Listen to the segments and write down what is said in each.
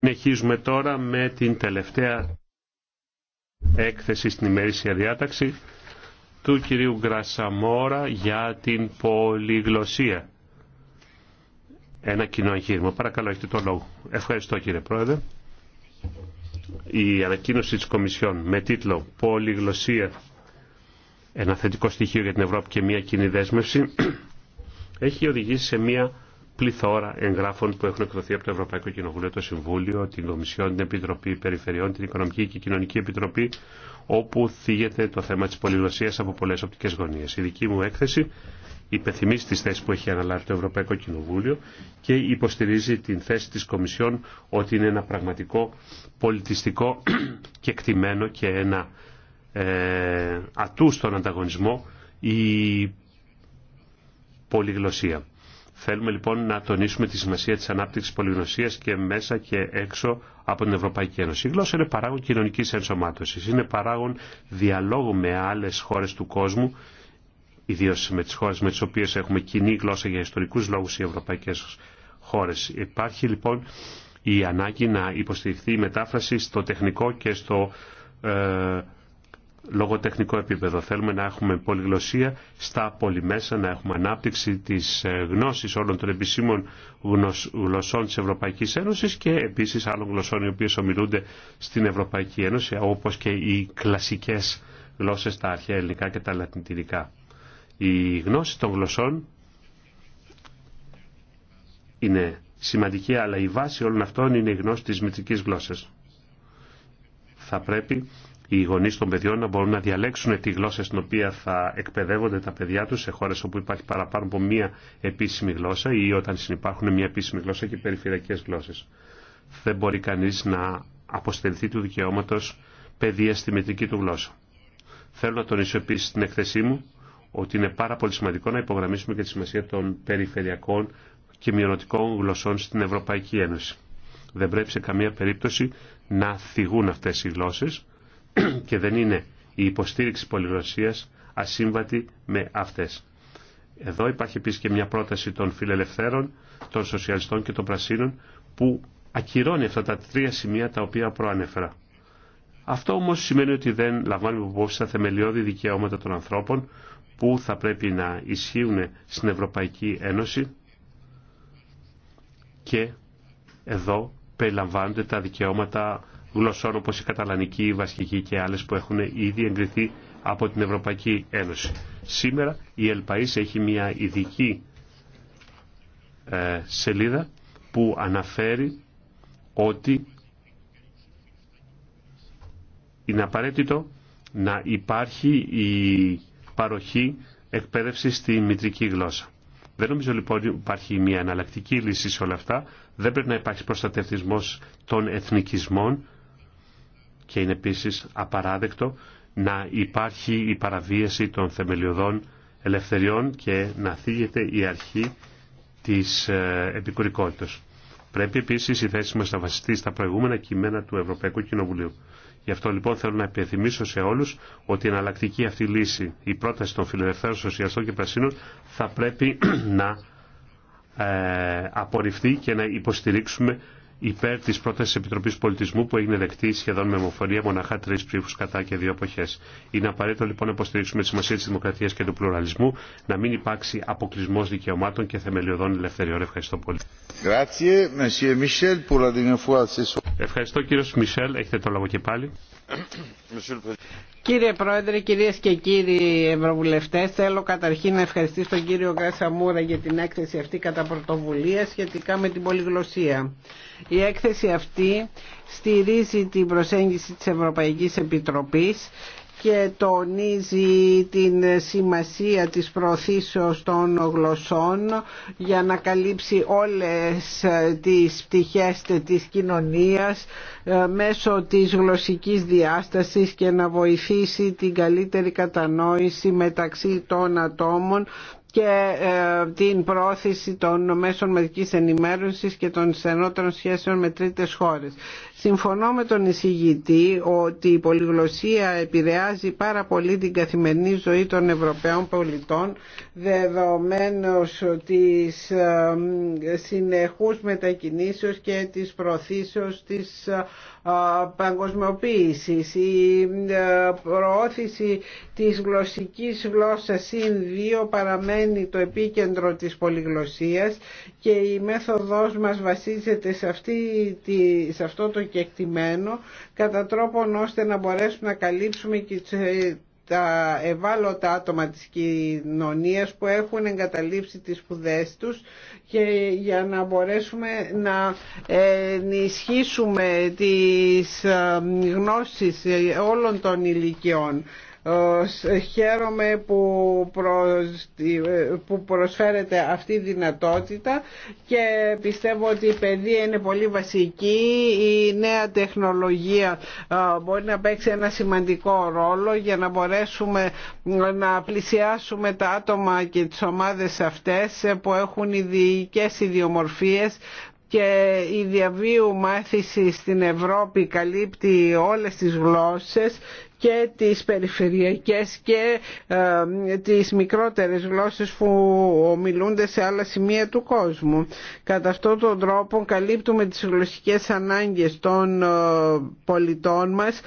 Συνεχίζουμε τώρα με την τελευταία έκθεση στην ημερήσια διάταξη του κυρίου Γκρασαμόρα για την πολυγλωσία. Ένα κοινό εγχείρημα. Παρακαλώ, έχετε το λόγο. Ευχαριστώ κύριε Πρόεδρε. Η ανακοίνωση της Κομισιόν με τίτλο «Πολυγλωσία, ένα θετικό στοιχείο για την Ευρώπη και μια κοινή δέσμευση» έχει οδηγήσει σε μια πληθώρα εγγράφων που έχουν εκδοθεί από το Ευρωπαϊκό Κοινοβούλιο, το Συμβούλιο, την Κομισιόν, την Επιτροπή Περιφερειών, την Οικονομική και Κοινωνική Επιτροπή, όπου θίγεται το θέμα τη πολυγλωσία από πολλέ οπτικέ γωνίε. Η δική μου έκθεση υπενθυμίζει τι θέσει που έχει αναλάβει το Ευρωπαϊκό Κοινοβούλιο και υποστηρίζει την θέση τη Κομισιόν ότι είναι ένα πραγματικό πολιτιστικό και κτημένο και ένα ε, ατού στον ανταγωνισμό η πολυγλωσία. Θέλουμε λοιπόν να τονίσουμε τη σημασία της ανάπτυξης πολυγνωσίας και μέσα και έξω από την Ευρωπαϊκή Ένωση. Η γλώσσα είναι παράγον κοινωνικής ενσωμάτωσης, είναι παράγον διαλόγου με άλλες χώρες του κόσμου, ιδίω με τις χώρες με τις οποίες έχουμε κοινή γλώσσα για ιστορικούς λόγους οι ευρωπαϊκές χώρες. Υπάρχει λοιπόν η ανάγκη να υποστηριχθεί η μετάφραση στο τεχνικό και στο ε, λογοτεχνικό επίπεδο. Θέλουμε να έχουμε πολυγλωσία στα πολυμέσα, να έχουμε ανάπτυξη της ε, γνώσης όλων των επισήμων γλωσσών της Ευρωπαϊκής Ένωσης και επίσης άλλων γλωσσών οι οποίες ομιλούνται στην Ευρωπαϊκή Ένωση, όπως και οι κλασικές γλώσσες, τα αρχαία ελληνικά και τα λατινικά. Η γνώση των γλωσσών είναι σημαντική, αλλά η βάση όλων αυτών είναι η γνώση της μητρική γλώσσας. Θα πρέπει οι γονείς των παιδιών να μπορούν να διαλέξουν τη γλώσσα στην οποία θα εκπαιδεύονται τα παιδιά τους σε χώρες όπου υπάρχει παραπάνω από μία επίσημη γλώσσα ή όταν συνεπάρχουν μία επίσημη γλώσσα και περιφερειακές γλώσσες. Δεν μπορεί κανείς να αποστελθεί του δικαιώματος παιδεία στη μετρική του γλώσσα. Θέλω να τονίσω επίση στην έκθεσή μου ότι είναι πάρα πολύ σημαντικό να υπογραμμίσουμε και τη σημασία των περιφερειακών και μειονοτικών γλωσσών στην Ευρωπαϊκή Ένωση. Δεν πρέπει σε καμία περίπτωση να θυγούν αυτές οι γλώσσες και δεν είναι η υποστήριξη πολυγνωσίας ασύμβατη με αυτές. Εδώ υπάρχει επίσης και μια πρόταση των φιλελευθέρων, των σοσιαλιστών και των πρασίνων που ακυρώνει αυτά τα τρία σημεία τα οποία προανέφερα. Αυτό όμως σημαίνει ότι δεν λαμβάνουμε υπόψη τα θεμελιώδη δικαιώματα των ανθρώπων που θα πρέπει να ισχύουν στην Ευρωπαϊκή Ένωση και εδώ περιλαμβάνονται τα δικαιώματα γλωσσών όπως η καταλανική, η βασική και άλλες που έχουν ήδη εγκριθεί από την Ευρωπαϊκή Ένωση. Σήμερα η Ελπαίς έχει μια ειδική ε, σελίδα που αναφέρει ότι είναι απαραίτητο να υπάρχει η παροχή εκπαίδευση στη μητρική γλώσσα. Δεν νομίζω λοιπόν ότι υπάρχει μια αναλλακτική λύση σε όλα αυτά. Δεν πρέπει να υπάρχει προστατευτισμός των εθνικισμών και είναι επίση απαράδεκτο να υπάρχει η παραβίαση των θεμελιωδών ελευθεριών και να θίγεται η αρχή της ε, επικουρικότητας. Πρέπει επίσης η θέση μας να βασιστεί στα προηγούμενα κειμένα του Ευρωπαϊκού Κοινοβουλίου. Γι' αυτό λοιπόν θέλω να επιθυμίσω σε όλους ότι η εναλλακτική αυτή λύση, η πρόταση των φιλελευθέρων σοσιαστών και πρασίνων, θα πρέπει να ε, απορριφθεί και να υποστηρίξουμε υπέρ της πρότασης Επιτροπή Πολιτισμού που έγινε δεκτή σχεδόν με ομοφωνία μοναχά τρει ψήφου κατά και δύο εποχέ. Είναι απαραίτητο λοιπόν να υποστηρίξουμε τη σημασία τη δημοκρατία και του πλουραλισμού, να μην υπάρξει αποκλεισμό δικαιωμάτων και θεμελιωδών ελευθεριών. Ευχαριστώ πολύ. Ευχαριστώ κύριο Μισελ, έχετε το λόγο και πάλι. Κύριε Πρόεδρε, κυρίες και κύριοι Ευρωβουλευτές, θέλω καταρχήν να ευχαριστήσω τον κύριο Γκάσα Μούρα για την έκθεση αυτή κατά πρωτοβουλία σχετικά με την πολυγλωσία. Η έκθεση αυτή στηρίζει την προσέγγιση της Ευρωπαϊκής Επιτροπής και τονίζει την σημασία της προωθήσεως των γλωσσών για να καλύψει όλες τις πτυχές της κοινωνίας ε, μέσω της γλωσσικής διάστασης και να βοηθήσει την καλύτερη κατανόηση μεταξύ των ατόμων και ε, την πρόθεση των μέσων μαζικής ενημέρωσης και των στενότερων σχέσεων με τρίτες χώρες. Συμφωνώ με τον εισηγητή ότι η πολυγλωσία επηρεάζει πάρα πολύ την καθημερινή ζωή των Ευρωπαίων πολιτών δεδομένως της ε, συνεχούς μετακινήσεως και της προωθήσεως της ε, παγκοσμιοποίησης. Η ε, προώθηση της γλωσσικής γλώσσας συν δύο παραμένει το επίκεντρο της πολυγλωσσίας και η μέθοδός μας βασίζεται σε, αυτή, αυτό το και εκτιμένο κατά τρόπον ώστε να μπορέσουμε να καλύψουμε και ε, τα ευάλωτα άτομα της κοινωνίας που έχουν εγκαταλείψει τις σπουδέ τους και για να μπορέσουμε να ενισχύσουμε τις ε, γνώσεις ε, όλων των ηλικιών. Χαίρομαι που προσφέρεται αυτή η δυνατότητα και πιστεύω ότι η παιδεία είναι πολύ βασική. Η νέα τεχνολογία μπορεί να παίξει ένα σημαντικό ρόλο για να μπορέσουμε να πλησιάσουμε τα άτομα και τις ομάδες αυτές που έχουν ειδικέ ιδιομορφίες και η διαβίου μάθηση στην Ευρώπη καλύπτει όλες τις γλώσσες και τις περιφερειακές και ε, τις μικρότερες γλώσσες που μιλούνται σε άλλα σημεία του κόσμου. Κατά αυτόν τον τρόπο καλύπτουμε τις γλωσσικές ανάγκες των ε, πολιτών μας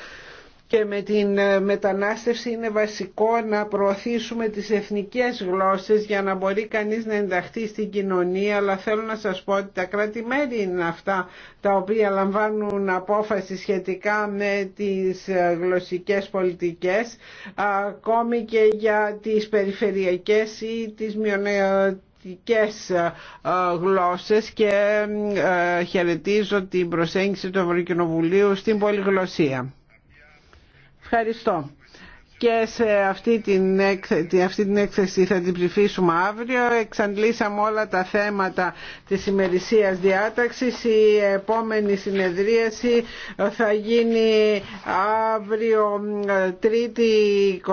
και με την ε, μετανάστευση είναι βασικό να προωθήσουμε τις εθνικές γλώσσες για να μπορεί κανείς να ενταχθεί στην κοινωνία αλλά θέλω να σας πω ότι τα κρατη μερη είναι αυτά τα οποία λαμβάνουν απόφαση σχετικά με τις ε, γλωσσικές πολιτικές ακόμη και για τις περιφερειακές ή τις μειονεκτικές ε, γλώσσες και χαιρετίζω την προσέγγιση του Ευρωκοινοβουλίου στην πολυγλωσσία. Ευχαριστώ. Και σε αυτή την, έκθεση, αυτή την έκθεση θα την ψηφίσουμε αύριο. Εξαντλήσαμε όλα τα θέματα της ημερησίας διάταξης. Η επόμενη συνεδρίαση θα γίνει αύριο 3η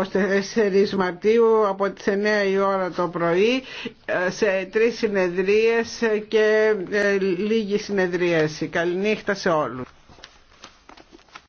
24 Μαρτίου από τις 9 η ώρα το πρωί σε τρεις συνεδρίες και ε, λίγη συνεδρίαση. Καληνύχτα σε όλους.